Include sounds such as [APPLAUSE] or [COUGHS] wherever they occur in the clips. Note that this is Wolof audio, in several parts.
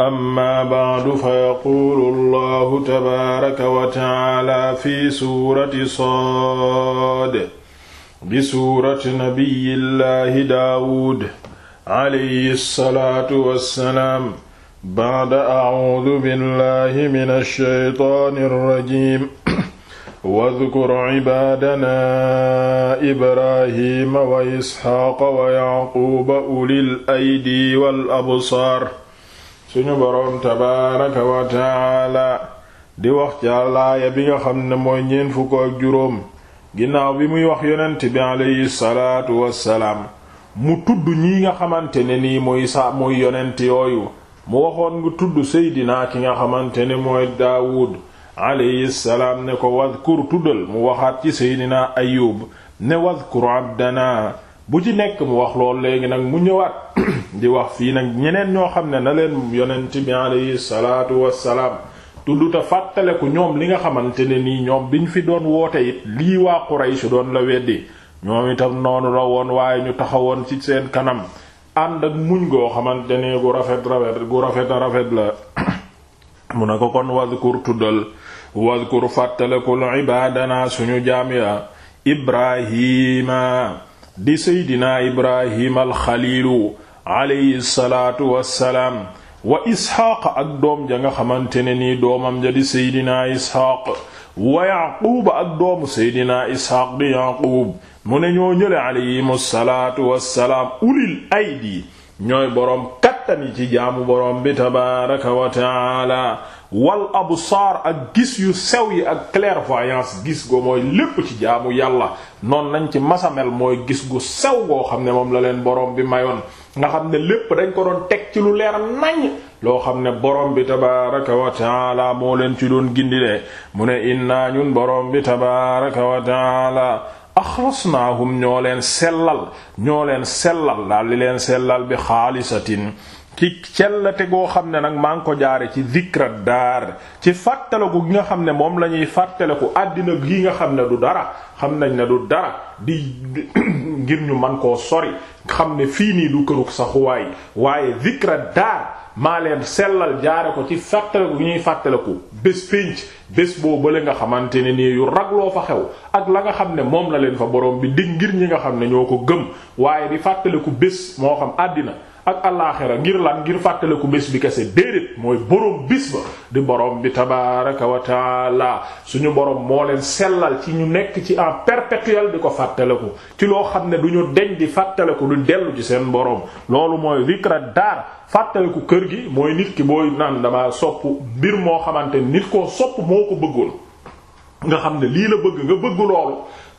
amma ba'du fa yaquulu allahu tabaaraka wa taala fi suurati saad bi suurati nabiyillahi daawuud alayhi salaatu wassalaam ba'da a'uudu billahi mina shaytaani rajiim wadkur cibaadana ibrahima wa isxaaqa wa yacquuba ulil aydi wal absaar suñu boroom tabaaraka wa taala di wax ci laaya bi nga xam ne mooy ñeent fukk ak juróom ginnaaw bi muy wax yonent bi aleyhi salaatu salaam mu tudd ñi nga xamante ne nii mooy sa mooy yonent yooyu mu waxoon nga tudd seydinaa ki nga xamante ne mooy daawud aleyhi salaam ne ko wadkur tuddal mu waxaat ci seydinaa ayub ne wadkur abdanaa bu ci nekk mu wax lool léegi nag mu ñëwaat [CLEARS THROAT] di wax fii nag ñeneen ñoo xam ne na leen yonent bi alayhi salaatu wassalaam tudd te fàttaleku ñoom li nga xamante ne nii ñoom biñ fi doon woote it lii waa Quraysh doon la weddi ñoom itam noonu la woon waaye ñu taxawoon ci seen kanam ànd ak muñ goo xamante ne gu rafet rafet gu rafet a rafet la [CLEARS THROAT] mu ne ko kon wadkur tuddal wadkur fàttalekul ibaadana suñu jaam ya ibrahima di seydina ibrahim alxaliilu aleyhi salaatu wassalaam wa isxaaq ak doom ja nga xamante ne nii doomam ja di seydina isxaaq wa yaquuba ak doomu seydina isxaaq di yaquub mu ne ñoo ñële aleyhimu salaatu wassalaam ulil aydi ñooy borom kattani ci jaamu boroom bi tabaaraka wa taala wal absaar ak gis yu sew yi ak clairvoyance gis go mooy lépp ci jaamu yàlla noonu nañ ci masamel mooy gis gu sew goo xam ne moom la leen borom bi mayoon nga xam ne lépp dañ ko doon teg ci lu leer nañ loo xam ne borom bi tabaraka wa taala moo leen ci doon gindilee mu ne innaa ñun borom bi tabaraka wa naa axlasnaahum ñoo leen sellal ñoo leen sellal daal di leen sellal bi xaalisatin ci cellate goo xam ne nag maa ngi ko jaare ci zikra daar ci fàttaliku gi nga xam ne moom la ñuy fàttaliku àddina gi nga xam ne du dara xam nañ ne du dara di [COUGHS] ngir ñu man koo sori xam ne fii nii du kërug saxuwaay waaye zikra daar maa leen sellal jaare ko ci fàttaliku gi ñuy fàttaliku bés pénc bés boobu nga xamante ne nii yu xew ak la nga xam ne moom la leen fa borom bi dig ngir ñi nga xam ne ñoo ko gëm waaye di fàttaliku bés moo xam àddina ak alaaxira ngir lan ngir fàttaliku bés bi kese déedéet mooy boroom bis ba di boroom bi tabaaraka wa taala suñu boroom moo leen sellal ci ñu nekk ci en perpétuel di ko fàttaliku ci loo xam ne duñu ñu deñ di fàttaliku du dellu ci seen boroom loolu mooy zikra daar fàttaliku kër gi mooy nit ki booy naan dama sopp mbir moo xamante nit ko sopp moo ko bëggoon nga xam ne lii la bëgg nga bëgg loolu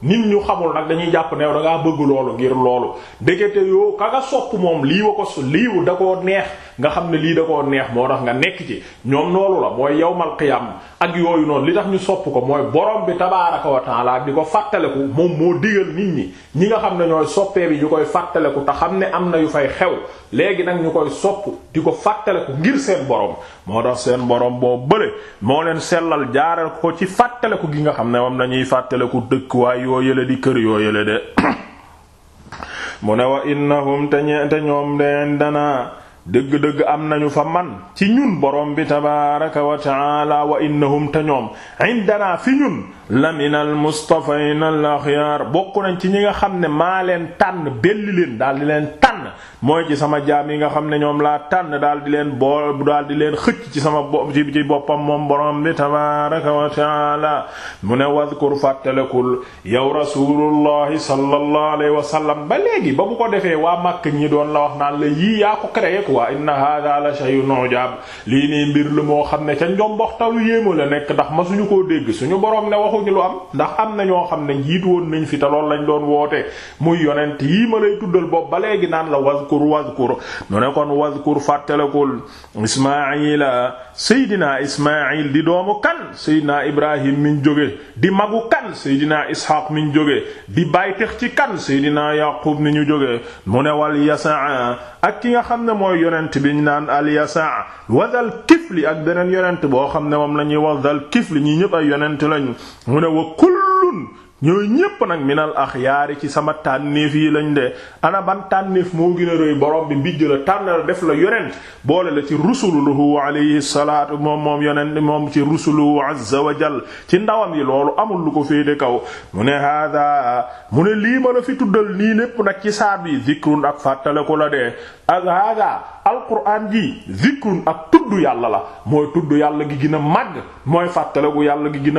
nit ñu xamul nag dañuy jàpp new da ngaa bëgg loolu ngir loolu dégete yoo ka nga sopp moom lii wa ko liiwu da ko neex nga xam ne lii da koo neex moo tax nga nekk ci ñoom loolu la mooy yawmal qiyam ak yooyu noonu li tax ñu sopp ko mooy borom bi tabaaraka wa taala di ko fàttaleku moom moo digal nit ñi ñi nga xam ne ñooy soppee bi ñu koy fàttaleku te xam ne am na yu fay xew léegi nag ñu koy sopp di ko fàttaleku ngir seen borom moo tax seen borom boo bële moo leen sellal jaaral ko ci fàttaleku gi nga xam ne moom lañuy fàttaleku dëkk waayu yoo yële di kër yoo yële de [COUGHS] mu ne wa innahum te ñoom de dëgg-dëgg am nañu fa man ci ñun borom bi tabaaraka wa taala wa innahum te ñoom indana fi ñun laminal mustafayna al axyaar bokk nañ ci ñi nga xam ne maa leen tànn belli leen daal di leen tànn mooy ci sama jaam yi nga xam ne ñoom laa tànn daal di leen boo daal di leen xëcc ci sama bopp ci ci boppam moom borom bi tabaaraka wa taala mu ne wadkur fàttalekul yow rasulullahi sallallahu alayhi wa sallam ba léegi ba bu ko defee waa Makka ñi doon la wax naan la yii yaa wa inna hadha la shay'un ujab lii nii mbir la moo xam ne ca njomboxtalu yéema la nekk ndax ma suñu koo dégg suñu boroom ne waxuñu lu am ndax am na ñoo xam ne njiit woon nañ fi te loolu lañ doon woote muy yonent yii ma lay tuddal bopp ba léegi naan la wazkur wazkur mu ne kon wazkur fàttalekul ismaila seydina ismail di doomu kan seydina ibrahim min jóge di magu kan seydina ishaq min jóge di baytex ci kan seydina yaqub ni ñu jóge mu ne wal yasaa ak ki nga xam ne mooy yonent bi ñu naan al yasa wa dal kifli ak beneen yonent boo xam ne moom la ñuy wax dal kifli ñii ñëpp ay yonent lañu mu ne wa kullun ñooy ñépp nag minal axyaari ci sama tànnéef yi lañ de ana ban tànnéef moo gën a borom bi mbijj la tànn la def la yonent boole la ci rusuluhu alayhi salaatu moom moom yonent moom ci rusuluhu azza wa jal ci ndawam yi loolu amul lu ko féete kaw mu ne hada mu ne lii ma la fi tuddal nii lépp nag ci saar bi zikrun ak fàttaleku la de ak hada alquran ji zikrun ak tudd yàlla la mooy tudd yàlla gi gën a màgg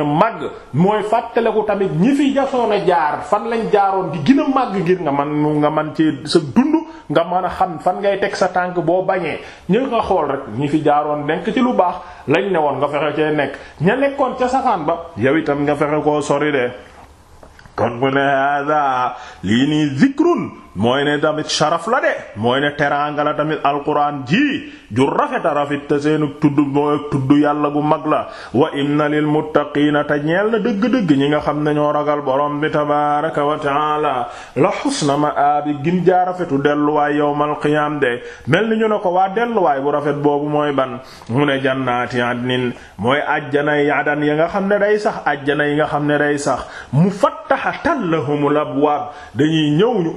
màgg mooy fàttaleku tamit ñi fi yi jasoon a jaar fan lañ jaaroon di gën a màgg ngir nga man nga man ci sa dund nga mën a xam fan ngay teg sa tànk boo bañee ñu nga xool rek ñi fi jaaroon denk ci lu baax lañ ne woon nga fexe cee nekk ña nekkoon ca safaan ba yow itam nga fexe koo sori de kon mu ne hada lii nii zikrun mooy ne tamit sharaf la de mooy ne teraanga la tamit alquran ji ju rafeta rafet te seenu tudd mooy tudd yàlla gu mag la wa na lil muttaqiina te ñeel na dëgg-dëgg ñi nga xam ne ñoo ragal borom bi tabaaraka wa taala la xusna ma aabi gin jaa rafetu delluwaay yawmal qiyaam de mel ni ñu ne ko waa delluwaay bu rafet boobu mooy ban mu ne jannaati adnin mooy ajjanay adan yi nga xam ne day sax ajjana yi nga xam ne day sax mu lahumul abwaab dañuy ñëw ñu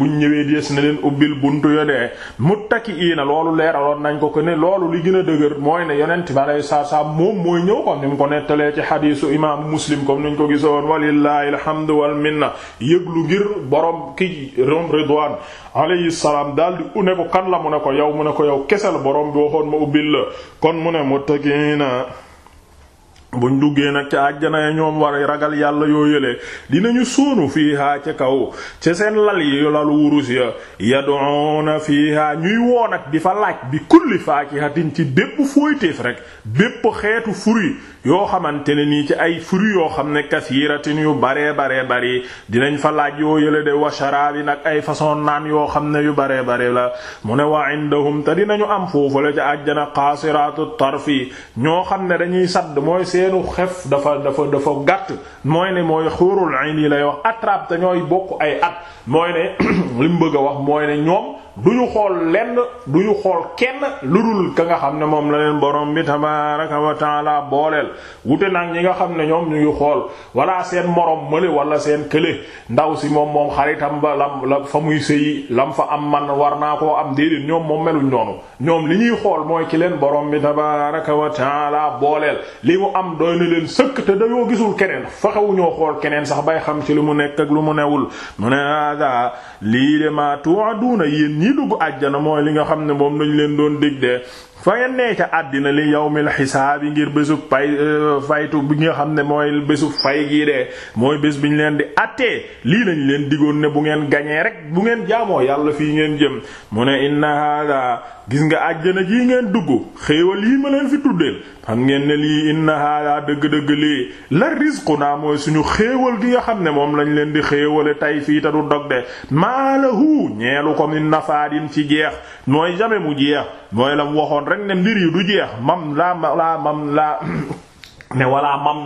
bu buñ ñëwee dees na leen ubbil buntu yo dee muttakiina loolu leeraloon nañ ko ko ne loolu li gën a dëgër mooy ne yonent bi alayhi salaatu salaam moom mooy ñëw comme ni mu ko nettalee ci xadiisu imaamu muslim comme niñ ko gisoon walillahi alhamdu wal minna yëglu ngir borom ki rom ridwaan alayhi salaam daal di une ko kan la mu ne ko yow mu ne ko yow kesel borom bi waxoon ma ubbil la kon mu ne muttakiina buñ duggee nag ca àjjana ya ñoom war ragal yàlla yoo yëlee dinañu sóonu fiihaa ci kaw ca seen lal yi lalu wurus ya yad'una fiihaa ñuy woo nag di fa laaj bi kulli faakihatin ci dépp bépp fooytéef rekk bépp xeetu fruit yoo xamante ne nii ci ay fruit yoo xam ne kasiiratin yu baree baree bari dinañ fa laaj yoo yële de wa sharaabi nag ay façon naan yoo xam ne yu baree bare la mu ne wa indahum te dinañu am foofu la ca àjjana qaasiraatu tarfi ñoo xam xef dafa dafa dafa gàtt mooy ne mooy xuurul ayn yi lay wax attrape te ñooy bokk ay at mooy ne [CLEARS THROAT] li mu bëgg a wax mooy ne ñoom du ñu xool lenn du ñu xool kenn lu dul ka nga xam ne moom la leen borom bi tabaaraka wa taala booleel wute nag ñi nga xam ne ñoom ñu ngi xool walla seen morom mële wala seen kële ndaw si moom moom xaritam ba la fa muy sëyi lam fa am man war naa koo am déedéet ñoom moom meluñ noonu ñoom li ñuy xool mooy ki leen borom bi tabaaraka wa taala booleel li mu am doy na leen sëkk te dañoo gisul keneen fexewuñoo xool keneen sax bay xam ci lu mu nekk mu ne hada ma tu'aduna ñi dugg àjjana mooy li nga xam ne moom lañ leen doon dig de fa ngeen nee ca àddina li yawmil yi ngir bésub pay euh, faytu bi nga xam ne mooy bésu fay gii de mooy bés bi ñu leen di attee lii lañ leen digoon ne bu ngeen gañee rek bu ngeen jaamoo yàlla fii ngeen jëm mu ne inna hada gis nga àjjana jii ngeen dugg xéewal lii ma leen fi tuddeel xam ngeen ne lii inna hada dëgg-dëgg lii la risqu naa mooy suñu xéewal gi nga xam ne moom lañ leen di xéewale tey fii ta du dog de maalahu ñeelu ko min nafaadin ci jeex mooy jame mu jeex mooy la mu waxoon rek ne mbir yi du jeex mam laa ma laa mam laa ne walla mam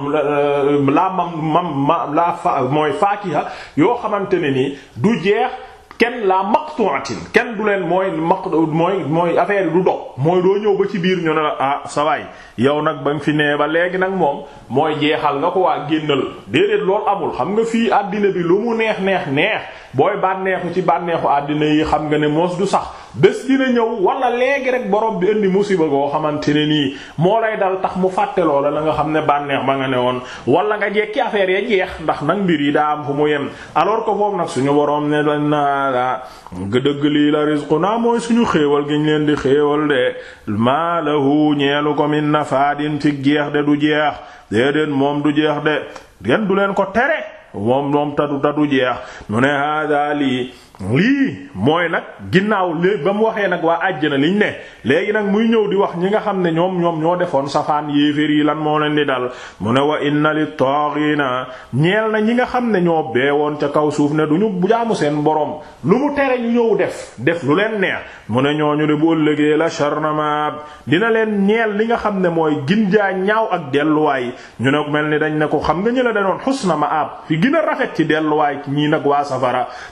laa mam mam ma laa fa mooy faakiha yoo xamante ne nii du jeex kenn la maqtu'atin kenn du leen mooy maq mooy mooy affaire yi du dog mooy doo ñëw ba ci biir ñu ne la ah sawaay yow nag ba nga fi nee ba léegi nag moom mooy jeexal nga ko waa génnal déedéet loolu amul xam nga fii àddina bi lu mu neex neex neex booy bànneexu ci bànneexu àddina yi xam nga ne moos du sax bés dina ñëw wala léegi rek borom bi indi musiba goo xamante ne nii moo lay dal tax mu fàtte loola la nga xam ne bànneex ba nga ne woon wala nga jekki affaire ya jeex ndax nag mbir yi daa am fu mu yem alors que foofu nag suñu borom ne dañ naa la dëgg lii la naa mooy suñu xéewal gi ñu leen di xéewal de maa lahu ñeelu ko min din ci jeex de du jeex déedéet moom du jeex de kenn du leen ko tere moom moom tadu tadu jeex mu ne hada lii mooy nag ginnaaw léegi ba mu waxee nag waa na liñ ne léegi nag muy ñëw di wax ñi nga xam ne ñoom ñoom ñoo defoon safaan yéeféer yi lan moo leen di dal mu ne wa inna li taaghina ñeel na ñi nga xam ne ñoo beewoon ca kaw suuf ne du ñu jaamu seen boroom lu mu tere ñu ñëw def def lu leen neex mu ne ñooñu de bu ëllëgee la charnamab dina leen ñeel li nga xam ne mooy gin jaa ñaaw ak delluwaay ñu ne mel ni dañ ne ko xam nga ñu la danoon xusna ma delluwaay ñii nag waa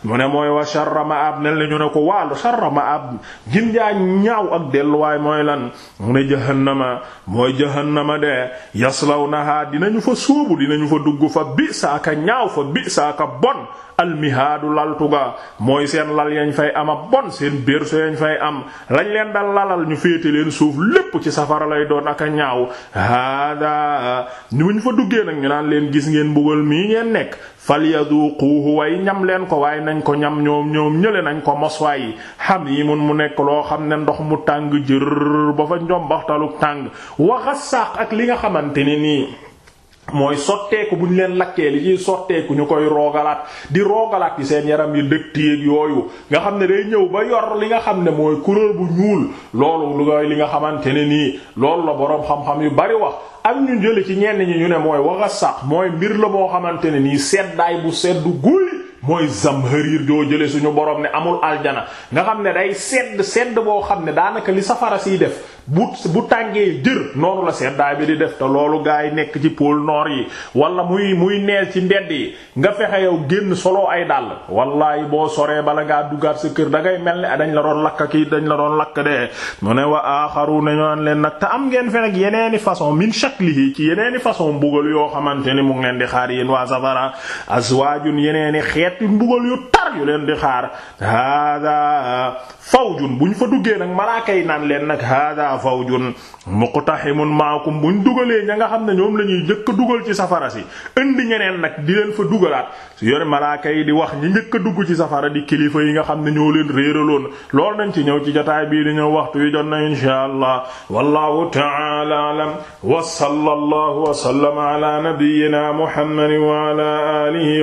sharra ma'ab mel ni ñu ne ko waalu sharra ma'ab gin jaa ñaaw ak delluwaay mooy lan mu ne jahannama mooy jahannama de yaslawnaha dinañu fa sóobu dinañu fa dugg fa bi saaka ñaaw fa bi saaka bon almihaadu laltuga mooy seen lal yañ fay am a bon seen berceau yañ fay am lañ leen daal lalal ñu féete leen suuf lépp ci safara lay doon ak a ñaaw haada ñu fa duggee nag ñu naan leen gis ngeen mbugal mi ngeen nekk falyaduquhu way ñam leen ko waaye nañ ko ñam ñoom ñoom ñële nañ ko mos yi hamiimun mu nekk loo xam ne ndox mu tàng jër ba fa njombaxtaluk tàng waxasaax ak li nga xamante ni nii mooy sotteeku bu ñu leen lakkee li ciy sotteeku ñu koy roogalaat di roogalaat yi seen yaram yi dëkk yéeg yooyu nga xam ne day ñëw ba yor li nga xam ne mooy couleur bu ñuul loolu lu li nga xamante ne nii loolu la boroom xam-xam yu bari wax ak ñu jëli ci ñenn ñi ñu ne mooy waxa sax mooy mbir la moo xamante ne nii seddaay bu seddu guy mooy zamharir joo jële suñu borom ne amul aljana nga xam ne day sedd sedd boo xam ne daanaka li safara siy def bu bu tàngee jër noonu la seddaay bi di def te loolu gaa yi nekk ci pôle noor yi wala muy muy neel ci ndedd yi nga fexe yow génn solo ay dàll wallahi boo soree bala ngaa duggaat sa kër da ngay mel ne dañ la doon lakk kii dañ la doon lakk de mu ne wa aaxaru ne ñoon leen nag te am ngeen fi nag yeneeni façon min shaklihi ci yeneeni façon mbugal yoo xamante ni mu ngi leen di xaar yéen waa safara xeeti mbugal yu yu leen di xaar hada fawjun bu ñu fa duggee nag malaaka naan leen nag hada fawjun muqtahimun maakum bu ñu dugalee ña nga xam ne ñoom la ñuy njëkk a dugal ci safara si indi ñeneen nag di leen fa dugalaat su yore malaaka di wax ñi njëkk a dugg ci safara di kilifa yi nga xam ne ñoo leen réeraloon loolu dañ ci ñëw ci jotaay bii di ñëw waxtu wi jot na insha allah wallahu ta'ala alam wa sallallahu wa sallama ala nabiyyina muhammadin wa ala alihi